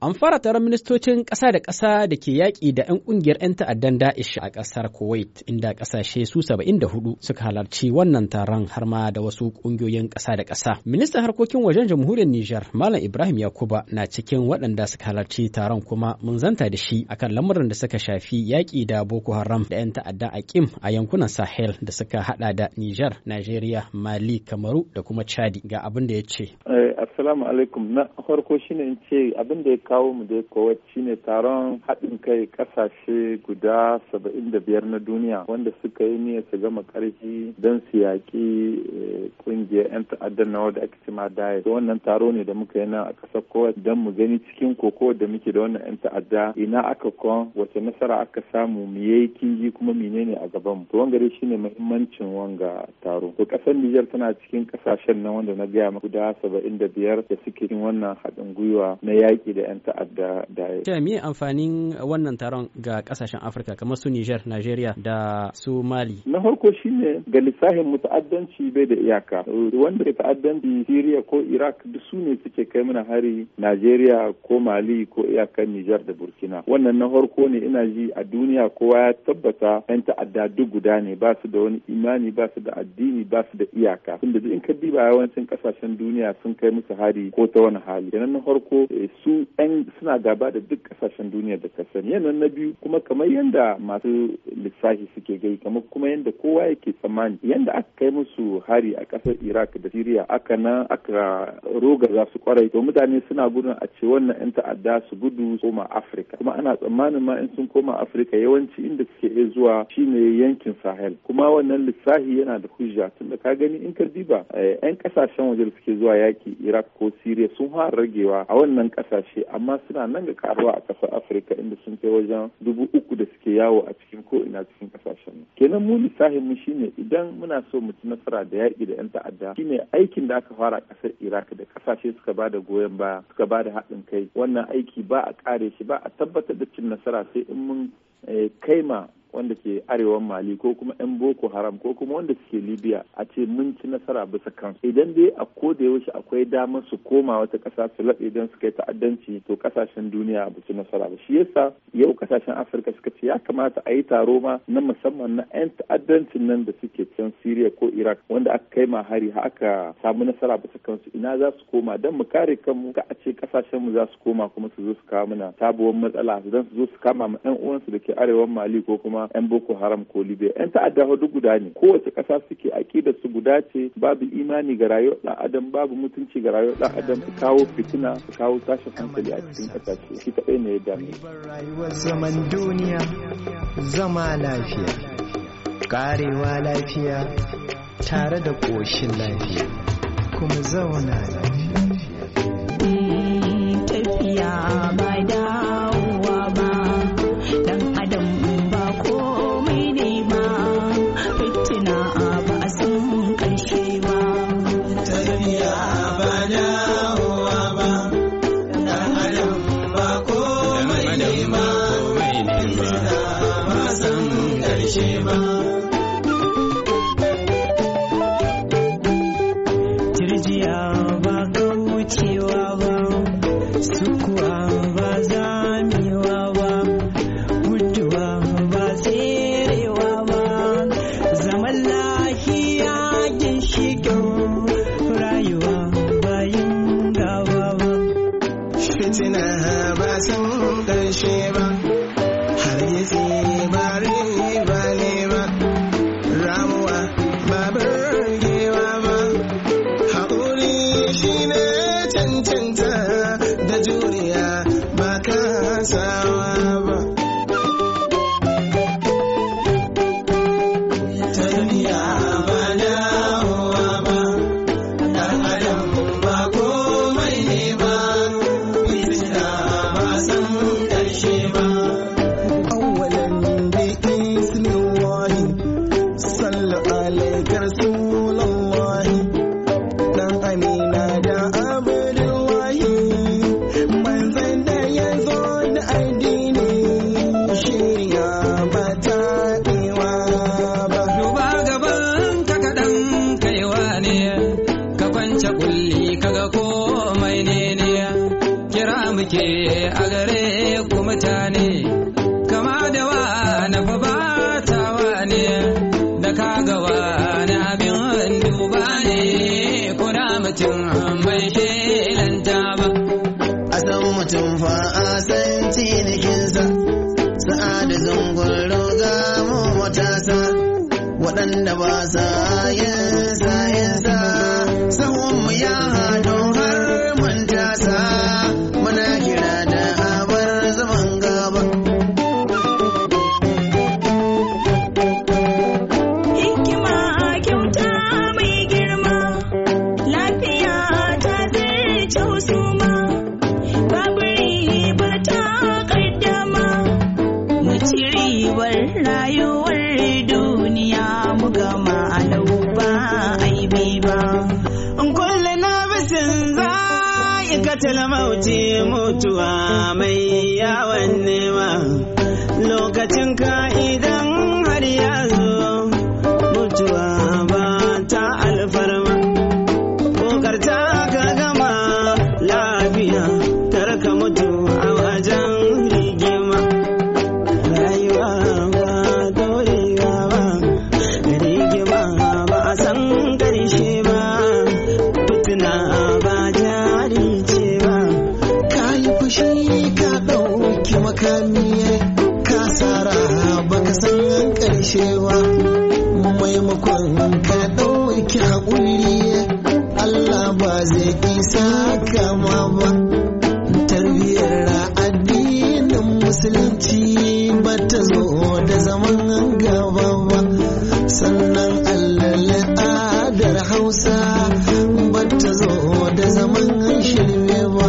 An fara taron ministocin ƙasa da ƙasa da ke yaƙi da 'yan ƙungiyar 'yan ta'addan Da'ish a ƙasar Kuwait, inda ƙasashe su saba'in da hudu suka halarci wannan taron har ma da wasu ƙungiyoyin ƙasa da ƙasa. Ministan harkokin wajen jamhuriyar Nijar, Malam Ibrahim Yakuba na cikin waɗanda suka halarci taron kuma mun zanta da shi akan lamuran da suka shafi yaƙi da Boko Haram da 'yan ta'adda a Kim a yankunan Sahel da suka haɗa da Nijar, Najeriya, Mali, Kamaru da kuma Chadi ga abin da ya ce. Eh, assalamu alaikum na farko shine in ce abin da ya kawo mu dai kowai shine taron haɗin kai kasashe guda saba'in da biyar na duniya wanda suka yi niyyar su gama ƙarfi don su yaƙi eh, ƙungiyar 'yan ta'addan na wadda ake cima daya da wannan taro ne da muka yi nan a ƙasar kowa don mu gani cikin koko da muke da wannan 'yan ta'adda ina aka kwan wace nasara aka samu mu yi kinji kuma menene a gaban mu to wanga dai shine muhimmancin wanga taro to ƙasar Nijar tana cikin ƙasashen nan wanda na gaya guda saba'in da biyar da suke yin wannan haɗin gwiwa na yaƙi da 'yan ta'adda da ta me amfanin wannan taron ga ƙasashen afirka kamar su niger nigeria da su mali na farko shine ga lissahin muta'addanci bai da iyaka wanda ke ta'addanci siriya ko iraq duk su ne suke kai mana hari nigeria ko mali ko iyakar niger da burkina wannan na farko ne ina ji a duniya kowa ya tabbata 'yan ta'adda duk guda ne ba su da wani imani ba su da addini ba su da iyaka tunda duk in ka diba yawancin kasashen duniya sun kai musu ta hari ko ta wani hali kenan na farko eh, su yan suna gaba da duk kasashen duniya da ka sani yanan na biyu kuma kamar yadda masu lissafi suke gai kamar kuma yadda kowa yake tsammani yadda aka kai musu hari a kasar iraq da syria aka na aka roga za su kwarai to mutane suna gudun a ce wannan 'yan ta'adda su gudu koma afirka kuma ana tsammanin ma in sun koma afirka yawanci inda suke iya zuwa shine yankin sahel kuma wannan lissafi yana da hujja tunda ka gani in ka diba 'yan eh, ƙasashen waje suke zuwa yaki iraq iraq ko syria sun fara ragewa a wannan kasashe amma suna nan ga karuwa a ƙasar afirka inda sun kai wajen dubu uku da suke yawo a cikin ko ina cikin kasashen kenan mu lissafin mu shine idan muna so mu ci nasara da yaƙi da yan ta'adda shine aikin da aka fara a ƙasar iraq da kasashe suka ba da goyon baya suka ba da haɗin kai wannan aiki ba a kare shi ba a tabbatar da cin nasara sai in mun Eh, kaima wanda ke arewan mali ko kuma 'yan boko haram ko kuma wanda suke libya a ce mun ci nasara bisa kansu idan dai a da yaushe akwai damar su koma wata kasa su laɗe don su kai ta'addanci to kasashen duniya ba ci nasara ba shi yasa yau kasashen afirka suka ce ya kamata a yi taro ma na musamman na 'yan ta'addancin nan da suke can syria ko iraq wanda aka kai ma hari har aka samu nasara bisa kansu ina za su koma don mu kare kanmu ka a ce kasashen mu za su koma kuma su zo su kawo mana sabuwar matsala don su zo su kama ma 'yan uwansu da ke arewan mali ko kuma yan boko haram ko libya yan ta'adda hudu guda ne kowace ƙasa suke aƙidar su guda ce babu imani ga rayuwar ɗan adam babu mutunci ga rayuwar ɗan adam su kawo fitina su kawo tashin hankali a cikin ƙasashe shi ta ne ya dame rayuwar zaman duniya zama lafiya karewa lafiya tare da ƙoshin lafiya kuma zauna lafiya tafiya ba So am waɗanda ba sa yin za'iqatul mauti mutuwa mai yawan nema lokacin ka idan har ya zo mutuwa ba zai isa kama ba tarbiyar addinin musulunci ba ta zo da zaman gaba ba sannan al'adar hausa ba ta zo da zaman shirme ba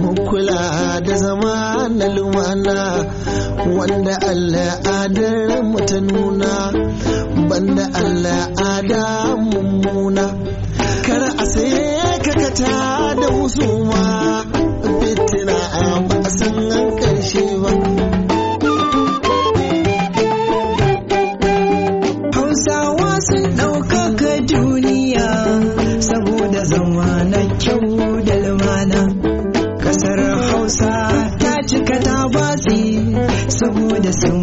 mukula da zama na lumana wanda al'adar mu ta nuna banda al'ada mummuna kar a saye kakata da husuma fitina a ba san karshe ba hausawa sun ɗaukaka duniya saboda zama na kyau da lumana ƙasar hausa ta cika ta batsi saboda sun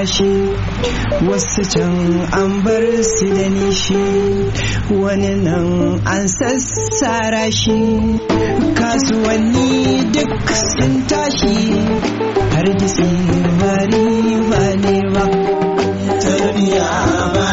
tashi wasu can an bar su da nishi wani nan an sassara shi kasuwanni duk sun tashi har bari ba ne ba tarbiyya ba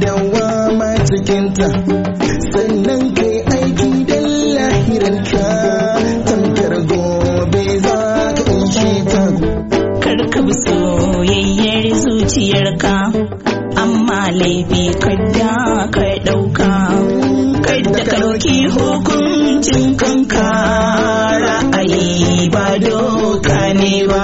dawama cikinta sannan kai aiki don lahiranka tamkar gobe za ka ɗauke ta karka bi soyayyar zuciyarka amma laifi kadda ka ɗauka kadda ka ɗauki hukuncin kanka ra'ayi ba doka ne ba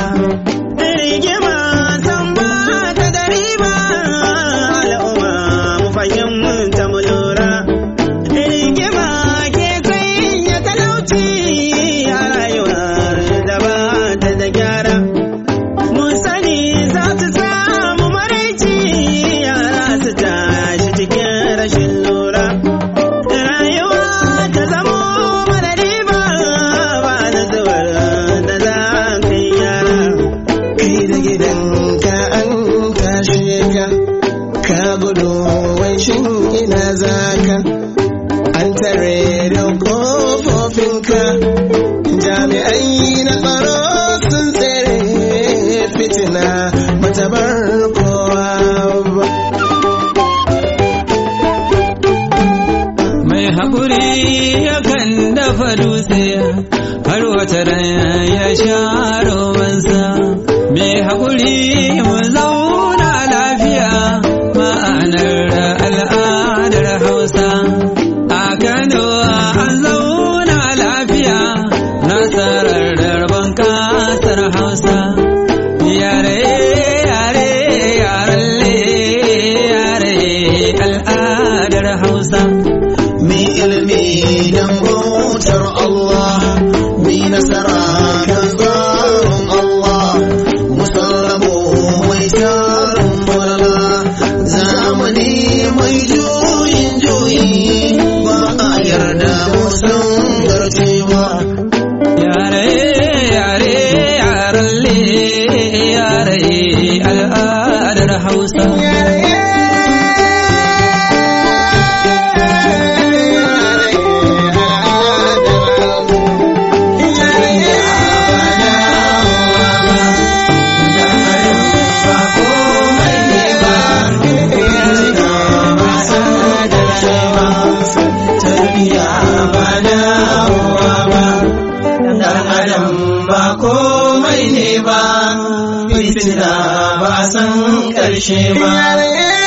Hausa. karshe ba